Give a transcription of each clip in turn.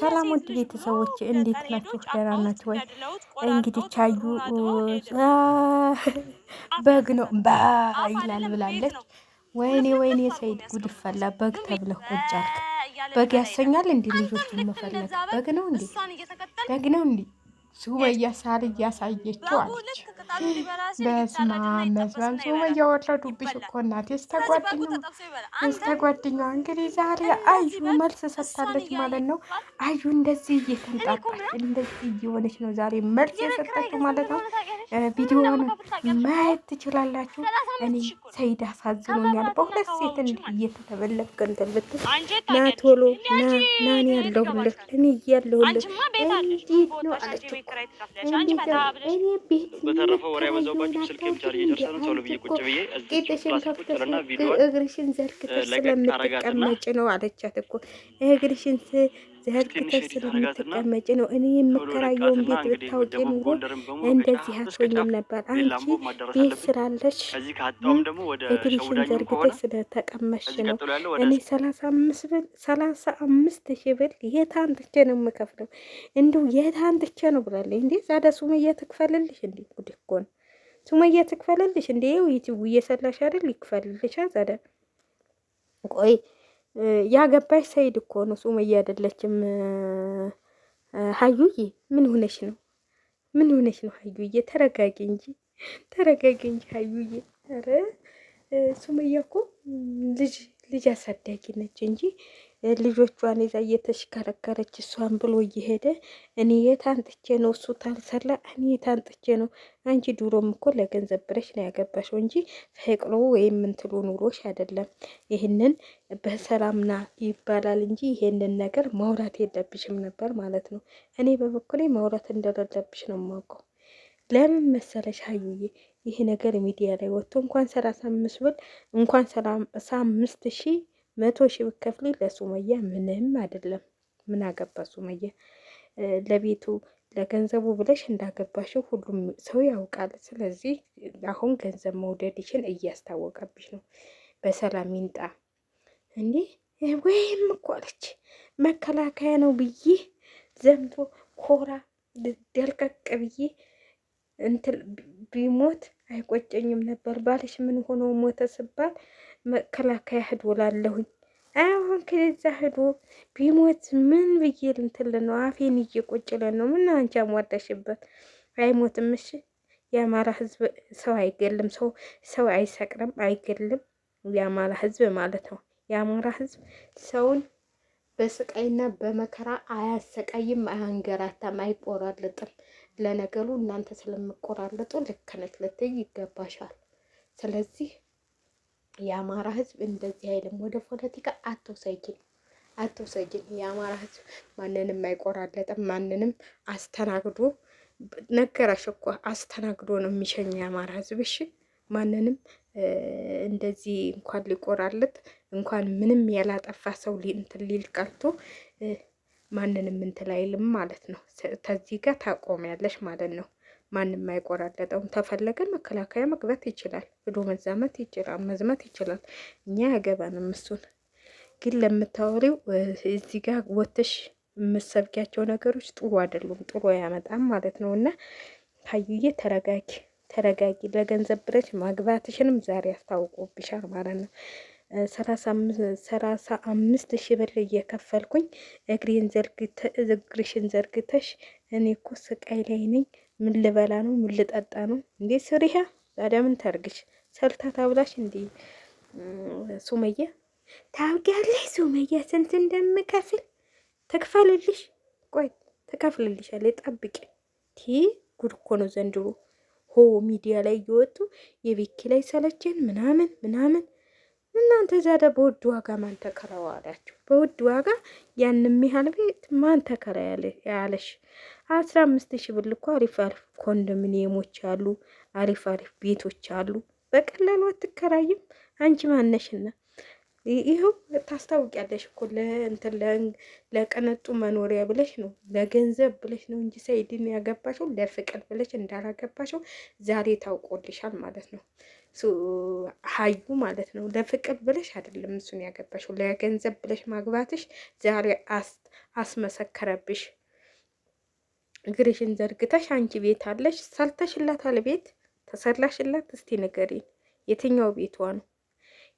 ሰላም ውድ ቤተሰቦች እንዴት ናችሁ? ደህና ናችሁ ወይ? እንግዲህ ቻዩ በግ ነው ይላል ብላለች። ወይኔ ወይኔ፣ የሰይድ ጉድ ፈላ። በግ ተብለህ ቁጭ አልክ። በግ ያሰኛል እንዴ? ልጆች መፈለግ በግ ነው እንዴ? በግ ነው እንዴ? ሱመያ ሳር እያሳየችው አለች። በስመ አብ መስላም ጾም እያወረዱብሽ እኮ እናቴ። ስተጓደኛዋ እንግዲህ ዛሬ አዩ መልስ ሰጥታለች ማለት ነው። አዩ እንደዚህ እየተንጣጣች እንደዚህ እየሆነች ነው ዛሬ መልስ የሰጠችው ማለት ነው። ቪዲዮውን ማየት ትችላላችሁ። እኔ ሰይድ አሳዝኖኛል። በሁለት ሴት እንዲህ እየተተበለብክ እንትን ብትል ና ቶሎ ና እኔ ያለሁልህ እኔ እያለሁልህ እንዴት ነው አለችው። እኔ ቤት ባለፈ ወሬ ያበዛውባችሁ ስልክ ብቻ እየጨርሰ ነው ቶሎ ብዬ ቁጭ ብዬ እግርሽን ዘርግተሽ ስለምትቀመጭ ነው አለቻት እኮ እግርሽን ዘርግተሽ ስለምትቀመጭ ነው። እኔ የምከራየውን ቤት ብታውቂ ኑሮ እንደዚህ አትሆኝም ነበር። አንቺ ቤት ስላለሽ እግርሽን ዘርግተሽ ተቀመሽ ነው። እኔ ሰላሳ አምስት ሺህ ብር የት አንጥቼ ነው የምከፍለው? እንዲሁ የት አንጥቼ ነው ብላለች። እንዴ ዛዳ ሱመያ ትክፈልልሽ? እንዲ ጉድ እኮ ነው። ሱመያ ትክፈልልሽ? እንዲ ዩቲቡ እየሰላሽ አይደል? ይክፈልልሻ ዛዳ ቆይ ያገባሽ ሰይድ እኮ ነው፣ ሱመያ አይደለችም። ሀዩዬ ምን ሆነሽ ነው? ምን ሆነሽ ነው? ሀዩዬ ተረጋጊ እንጂ ተረጋጊ እንጂ ሀዩዬ። ኧረ ሱመያ እኮ ልጅ ልጅ አሳዳጊ ነች እንጂ ልጆቿን ይዛ እየተሽከረከረች እሷን ብሎ እየሄደ እኔ የት አንጥቼ ነው እሱ ታልሰላ እኔ የት አንጥቼ ነው? አንቺ ድሮም እኮ ለገንዘብ ብለሽ ነው ያገባሽው እንጂ ፈቅሮ ወይም ምንትሎ ኑሮሽ አይደለም። ይህንን በሰላምና ይባላል እንጂ ይሄንን ነገር ማውራት የለብሽም ነበር ማለት ነው። እኔ በበኩሌ ማውራት እንደሌለብሽ ነው የማውቀው። ለምን መሰለሽ አዩዬ ይሄ ነገር ሚዲያ ላይ ወጥቶ እንኳን ሰላሳ አምስት ብር እንኳን ሰላሳ አምስት ሺህ መቶ ሺህ ብከፍሊ ለሱመያ ምንም አይደለም። ምን አገባ ሱመያ? ለቤቱ ለገንዘቡ ብለሽ እንዳገባሽው ሁሉም ሰው ያውቃል። ስለዚህ አሁን ገንዘብ መውደድሽን እያስታወቀብሽ ነው። በሰላም ይንጣ እንዴ ወይም እኮ አለች መከላከያ ነው ብዬ ዘንቶ ኮራ ደልቀቅ ብዬ እንትን ቢሞት አይቆጨኝም ነበር። ባልሽ ምን ሆኖ ሞተ ስባል መከላከያ ሂድ ውላለሁኝ። አሁን ከዛ ሂዶ ቢሞት ምን ብዬ ልንትል ነው? አፌን እየቆጭለ ነው። ምን አንቺ አሟዳሽበት። አይሞትም። እሺ የአማራ ህዝብ ሰው አይገልም። ሰው ሰው አይሰቅርም፣ አይገልም። የአማራ ህዝብ ማለት ነው። የአማራ ህዝብ ሰውን በስቃይና በመከራ አያሰቃይም፣ አያንገራታም፣ አይቆራልጥም። ለነገሩ እናንተ ስለምቆራረጡ ልክ ነች ልትይ ይገባሻል። ስለዚህ የአማራ ህዝብ እንደዚህ አይልም። ወደ ፖለቲካ አትውሰጅን፣ አትውሰጅን። የአማራ ህዝብ ማንንም አይቆራረጥም። ማንንም አስተናግዶ ነገራሽ እኮ አስተናግዶ ነው የሚሸኝ የአማራ ህዝብ። እሺ ማንንም እንደዚህ እንኳን ሊቆራለት እንኳን ምንም ያላጠፋ ሰው እንትን ሊል ቀርቶ ማንንም እንትን አይልም ማለት ነው። ከዚህ ጋር ታቆሚያለሽ ማለት ነው። ማንም አይቆራረጠውም። ተፈለገ መከላከያ መግባት ይችላል፣ ሄዶ መዛመት ይችላል፣ መዝመት ይችላል። እኛ ያገባንም እሱን ግን ለምታወሪው እዚህ ጋር ወተሽ የምሰብኪያቸው ነገሮች ጥሩ አይደሉም፣ ጥሩ አያመጣም ማለት ነው። እና ሀዩዬ ተረጋጊ፣ ተረጋጊ። ለገንዘብ ብለሽ ማግባትሽንም ዛሬ አስታውቆብሻል ማለት ነው። ሰላሳ አምስት ሺ ብር እየከፈልኩኝ እግሬን ዘርግተ እግርሽን ዘርግተሽ እኔ እኮ ስቃይ ላይ ነኝ ምን ልበላ ነው? ምን ልጠጣ ነው? እንዴ ስሪሃ ታዲያ ምን ታርግሽ? ሰርታ ታብላሽ። እንዴ? ሱመያ ታውቂያለሽ፣ ሱመያ ስንት እንደምከፍል ትክፈልልሽ። ቆይ ትከፍልልሻለች፣ ጠብቂ። ቲ ጉድ እኮ ነው ዘንድሮ። ሆ ሚዲያ ላይ እየወጡ የቤኪ ላይ ሰለችን ምናምን ምናምን እናንተ ዛዳ በውድ ዋጋ ማን ተከራው አላችሁ? በውድ ዋጋ ያን የሚያህል ቤት ማን ተከራ ያለሽ? አስራ አምስት ሺህ ብር እኮ አሪፍ አሪፍ ኮንዶሚኒየሞች አሉ፣ አሪፍ አሪፍ ቤቶች አሉ። በቀላሉ አትከራይም? አንቺ ማነሽና? ይኸው ታስታውቂያለሽ እኮ ለእንትን ለቀነጡ መኖሪያ ብለሽ ነው ለገንዘብ ብለሽ ነው እንጂ ሰኢድን ያገባሽው ለፍቅር ብለሽ እንዳላገባሽው ዛሬ ታውቆልሻል ማለት ነው። ሀዩ ማለት ነው። ለፍቅር ብለሽ አይደለም እሱን ያገባሽው፣ ለገንዘብ ብለሽ ማግባትሽ ዛሬ አስመሰከረብሽ። እግርሽን ዘርግተሽ አንቺ ቤት አለሽ፣ ሰርተሽላታል። ቤት ተሰላሽላት? እስቲ ንገሪን፣ የትኛው ቤቷ ነው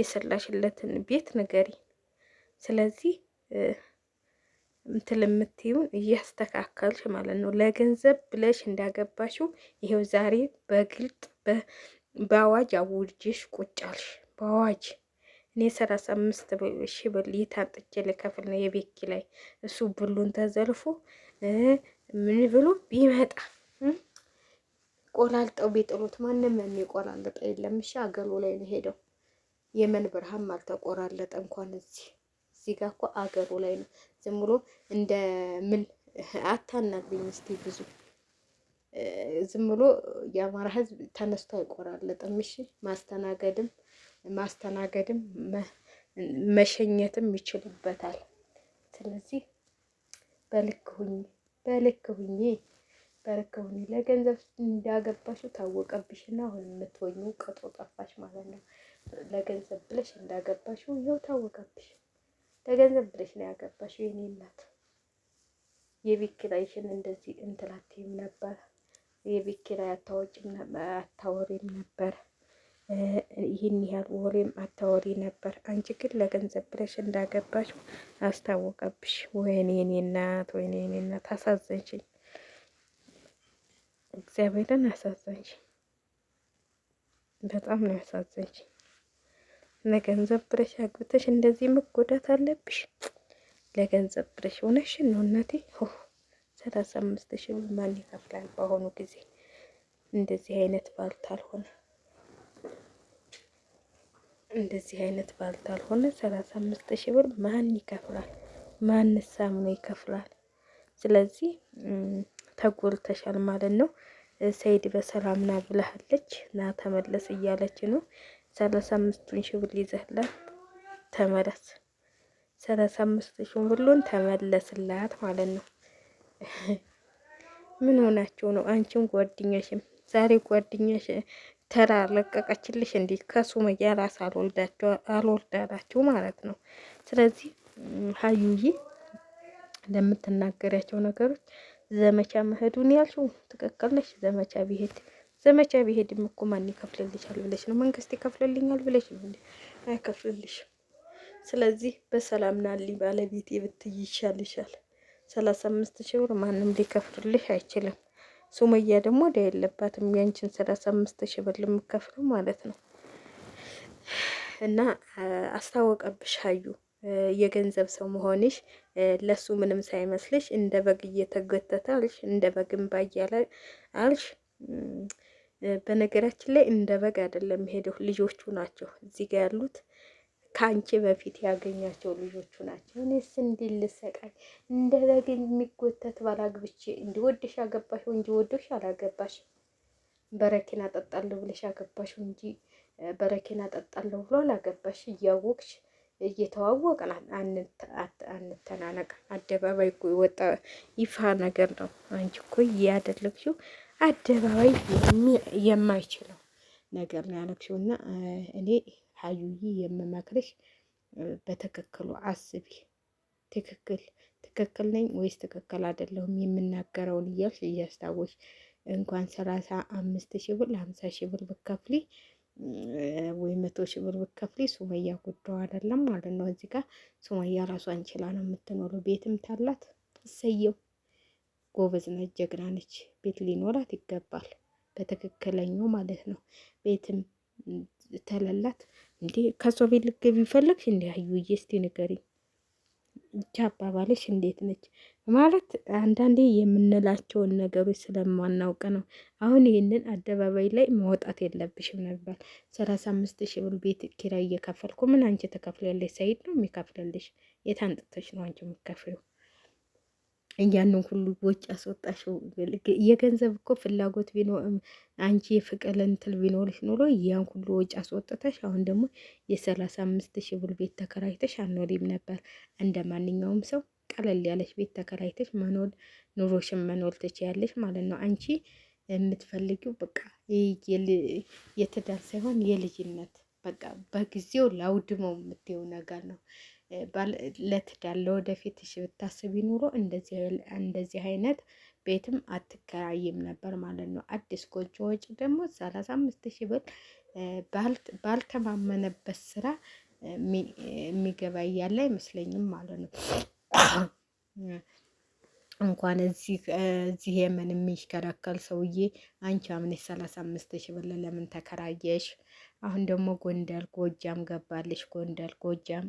የሰላሽለትን ቤት ንገሪን። ስለዚህ እንትል የምትይውን እያስተካከልሽ ማለት ነው። ለገንዘብ ብለሽ እንዳገባሽው ይሄው ዛሬ በግልጥ በአዋጅ አውርጄሽ ቁጭ አልሽ። በአዋጅ እኔ ሰላሳ አምስት ሺ ብር የታጥቼ ልከፍል ነው የቤኪ ላይ እሱ ብሉን ተዘልፎ ምን ብሎ ቢመጣ ቆላልጠው ቢጥሉት ማንም የሚቆላልጠ የለም። እሺ አገሩ ላይ ነው ሄደው የመን ብርሃም አልተቆራለጠ እንኳን እዚህ እዚህ ጋር እኮ አገሩ ላይ ነው። ዝም ብሎ እንደ ምን አታናግሪኝ እስኪ ብዙ ዝም ብሎ የአማራ ህዝብ ተነስቶ አይቆራለጥም። እሺ ማስተናገድም ማስተናገድም መሸኘትም ይችልበታል። ስለዚህ በልክ ሁኝ በልክ ሁኝ በልክ ሁኝ። ለገንዘብ ታወቀብሽ ታወቀብሽና አሁን የምትወኙ ቅጡ ጠፋሽ ማለት ነው። ለገንዘብ ብለሽ እንዳገባሽው ይኸው ታወቀብሽ። ለገንዘብ ብለሽ ነው ያገባሽው የኔ እናት። የቤት ኪራይሽን እንደዚህ እንትላትም ነበር። የቤት ኪራይ አታወጪም አታወሪም ነበር፣ ይህን ያህል ወሬም አታወሪ ነበር። አንቺ ግን ለገንዘብ ብለሽ እንዳገባሽ አስታወቀብሽ። ወይኔ የኔ እናት፣ ወይኔ የኔ እናት፣ አሳዘንሽኝ። እግዚአብሔርን አሳዘንሽኝ። በጣም ነው ያሳዘንሽኝ። ለገንዘብ ብለሽ አግብተሽ እንደዚህ መጎዳት አለብሽ? ለገንዘብ ብለሽ እውነትሽን ነው እናቴ። ሰላሳ አምስት ሺህ ብር ማን ይከፍላል? በአሁኑ ጊዜ እንደዚህ አይነት ባልታል ሆነ እንደዚህ አይነት ባልታል ሆነ ሰላሳ አምስት ሺህ ብር ማን ይከፍላል? ማንስ አምኖ ይከፍላል? ስለዚህ ተጎልተሻል ማለት ነው። ሰይድ በሰላም ና ብለሃለች፣ ና ተመለስ እያለች ነው። ሰላሳ አምስቱን ሺህ ብር ይዘህላት ተመለስ። ሰላሳ አምስት ሺህ ብሩን ተመለስላት ማለት ነው። ምን ሆናችሁ ነው? አንቺም ጓደኛሽም ዛሬ ጓደኛሽ ተራ ለቀቀችልሽ እንዴ? ከሱመያ ራስ አልወልዳላችሁ ማለት ነው። ስለዚህ ሀዩዬ ለምትናገሪያቸው ነገሮች ዘመቻ መሄዱን ያልሽው ትክክል ነሽ። ዘመቻ ቢሄድ ዘመቻ ቢሄድ እኮ ማን ይከፍልልሻል ብለሽ ነው? መንግስት ይከፍልልኛል ብለሽ ነው? አይከፍልልሽም። ስለዚህ በሰላም ናሊ ባለቤቴ ብትይ ይሻልሻል። ሰላሳ አምስት ሺህ ብር ማንም ሊከፍልልሽ አይችልም። ሱመያ ደግሞ እዳ የለባትም ያንቺን ሰላሳ አምስት ሺህ ብር የምከፍለው ማለት ነው። እና አስታወቀብሽ ሀዩ የገንዘብ ሰው መሆንሽ ለሱ ምንም ሳይመስልሽ እንደ በግ እየተጎተተ አልሽ፣ እንደ በግ ባያለ አልሽ። በነገራችን ላይ እንደ በግ አይደለም የሄደው ልጆቹ ናቸው እዚህ ጋር ያሉት ከአንቺ በፊት ያገኛቸው ልጆቹ ናቸው። እኔስ እንዲህ ልሰቃይ እንደ በግ የሚጎተት ባላግብቼ እንዲ ወደሽ ያገባሽው እንጂ ወዶሽ አላገባሽ በረኪና ጠጣለሁ ብለሽ ያገባሽው እንጂ በረኪና ጠጣለሁ ብሎ አላገባሽ። እያወቅሽ እየተዋወቅን አንተናነቅ። አደባባይ እኮ የወጣ ይፋ ነገር ነው። አንቺ እኮ እያደለግሽው አደባባይ የማይችለው ነገር ነው ያለግሽው እና እኔ ሀዩዬ የምመክርሽ በትክክሉ አስቢ። ትክክል ትክክል ነኝ ወይስ ትክክል አይደለሁም የምናገረውን እያልሽ እያስታወሽ እንኳን ሰላሳ አምስት ሺህ ብር ለሀምሳ ሺህ ብር ብከፍሊ ወይ መቶ ሺህ ብር ብከፍሊ ሱመያ ጉዳዩ አይደለም ማለት ነው። እዚህ ጋር ሱመያ ራሷን ችላ ነው የምትኖረው። ቤትም ታላት እሰየው፣ ጎበዝ ነች፣ ጀግና ነች። ቤት ሊኖራት ይገባል በትክክለኛው ማለት ነው። ቤትም ተለላት እንዴ ከሷ ቤት ልትገቢ ፈለግሽ? እንዲ አዩዬ እስቲ ንገሪ እቻ አባባልሽ እንዴት ነች? ማለት አንዳንዴ የምንላቸውን ነገሮች ስለማናውቅ ነው። አሁን ይህንን አደባባይ ላይ መውጣት የለብሽም ነበር። ሰላሳ አምስት ሺ ብር ቤት ኪራይ እየከፈልኩ ምን አንቺ ተከፍለለሽ? ሰይድ ነው የሚከፍለልሽ። የታንጥተሽ ነው አንቺ የምትከፍለው እያንን ሁሉ ወጪ አስወጣሽው። የገንዘብ እኮ ፍላጎት ቢኖር አንቺ የፍቅር እንትን ቢኖርሽ ኖሮ ያን ሁሉ ወጪ አስወጥተሽ አሁን ደግሞ የሰላሳ አምስት ሺህ ብር ቤት ተከራይተሽ አኖሪም ነበር። እንደ ማንኛውም ሰው ቀለል ያለሽ ቤት ተከራይተሽ መኖር ኑሮሽን መኖር ትችያለሽ ማለት ነው። አንቺ የምትፈልጊው በቃ የትዳር ሳይሆን የልጅነት በቃ በጊዜው ላውድመው የምትየው ነገር ነው። ለትዳር ለወደፊትሽ ብታስቢ ኑሮ እንደዚህ አይነት ቤትም አትከራይም ነበር ማለት ነው። አዲስ ጎጆ ወጪ ደግሞ ሰላሳ አምስት ሺህ ብር ባልተማመነበት ስራ የሚገባ እያለ አይመስለኝም ማለት ነው። እንኳን እዚህ የምን የሚሽከረከል ሰውዬ አንቺ አምነሽ ሰላሳ አምስት ሺህ ብር ለምን ተከራየሽ? አሁን ደግሞ ጎንደር ጎጃም ገባልሽ ጎንደር ጎጃም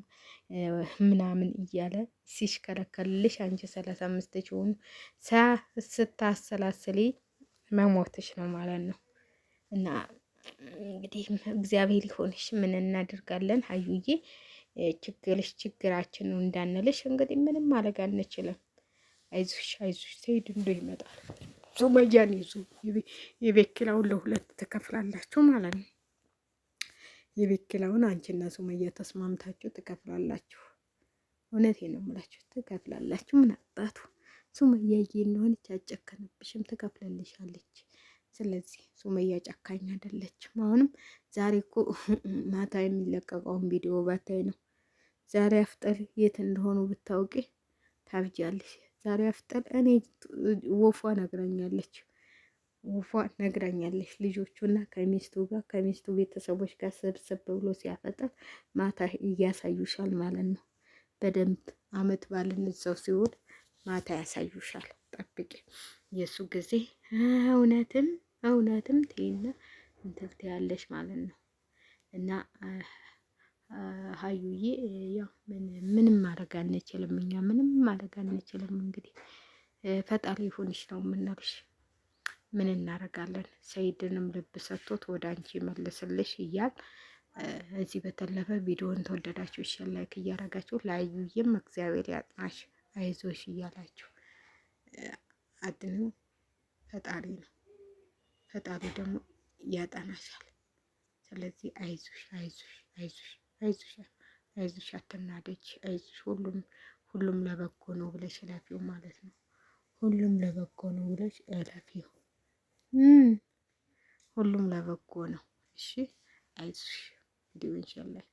ምናምን እያለ ሲሽከረከልልሽ አንቺ ሰላሳ አምስት ችሁን ስታሰላስሊ መሞትሽ ነው ማለት ነው። እና እንግዲህ እግዚአብሔር ይሆንሽ ምን እናደርጋለን አዩዬ ችግርሽ ችግራችን ነው እንዳንልሽ እንግዲህ ምንም ማድረግ አንችልም። አይዞሽ አይዞሽ ሰይድ እንዶ ይመጣል ሱመጃን ይዞ የቤት ኪራዩን ለሁለት ትከፍላላችሁ ማለት ነው። የቤት ኪራዩን አንቺና ሱመያ ተስማምታችሁ ትከፍላላችሁ። እውነቴ ነው የምላችሁ ትከፍላላችሁ። ምን አጣቱ ሱመያ እንደሆነች አጨከንብሽም፣ ትከፍልልሻለች። ስለዚህ ሱመያ ጨካኝ አይደለችም። አሁንም ዛሬ እኮ ማታ የሚለቀቀውን ቪዲዮ ባታይ ነው ዛሬ አፍጠር የት እንደሆኑ ብታውቂ ታብጃለሽ። ዛሬ አፍጠር እኔ ወፏ ነግረኛለች። ውፏ ነግራኛለች። ልጆቹ እና ከሚስቱ ጋር ከሚስቱ ቤተሰቦች ጋር ሰብሰብ ብሎ ሲያፈጠር ማታ እያሳዩሻል ማለት ነው። በደንብ አመት ባልን እዛው ሲውል ማታ ያሳዩሻል። ጠብቂ፣ የእሱ ጊዜ እውነትም እውነትም ትይና እንትብት ያለሽ ማለት ነው እና ሀዩዬ ያው ምንም ማድረግ አንችልም፣ እኛ ምንም ማድረግ አንችልም። እንግዲህ ፈጣሪ ይሁንሽ ነው የምናልሽ። ምን እናደርጋለን? ሰይድንም ልብ ሰጥቶት ወደ አንቺ መልስልሽ እያል እዚህ በተለፈ ቪዲዮን ተወደዳችሁ ሸላይክ እያረጋችሁ እያደረጋችሁ እግዚአብሔር ያጥናሽ አይዞሽ እያላችሁ አድነው። ፈጣሪ ነው፣ ፈጣሪ ደግሞ ያጠናሻል። ስለዚህ አይዞሽ አይዞሽ አይዞሽ አይዞሽ አይዞሽ፣ አትናደጅ፣ አይዞሽ ሁሉም ሁሉም ለበጎ ነው ብለሽ እለፊው ማለት ነው። ሁሉም ለበጎ ነው ብለሽ እለፊው። ሁሉም ለበጎ ነው። እሺ አይዞሽ እንዲሁ እንሻላህ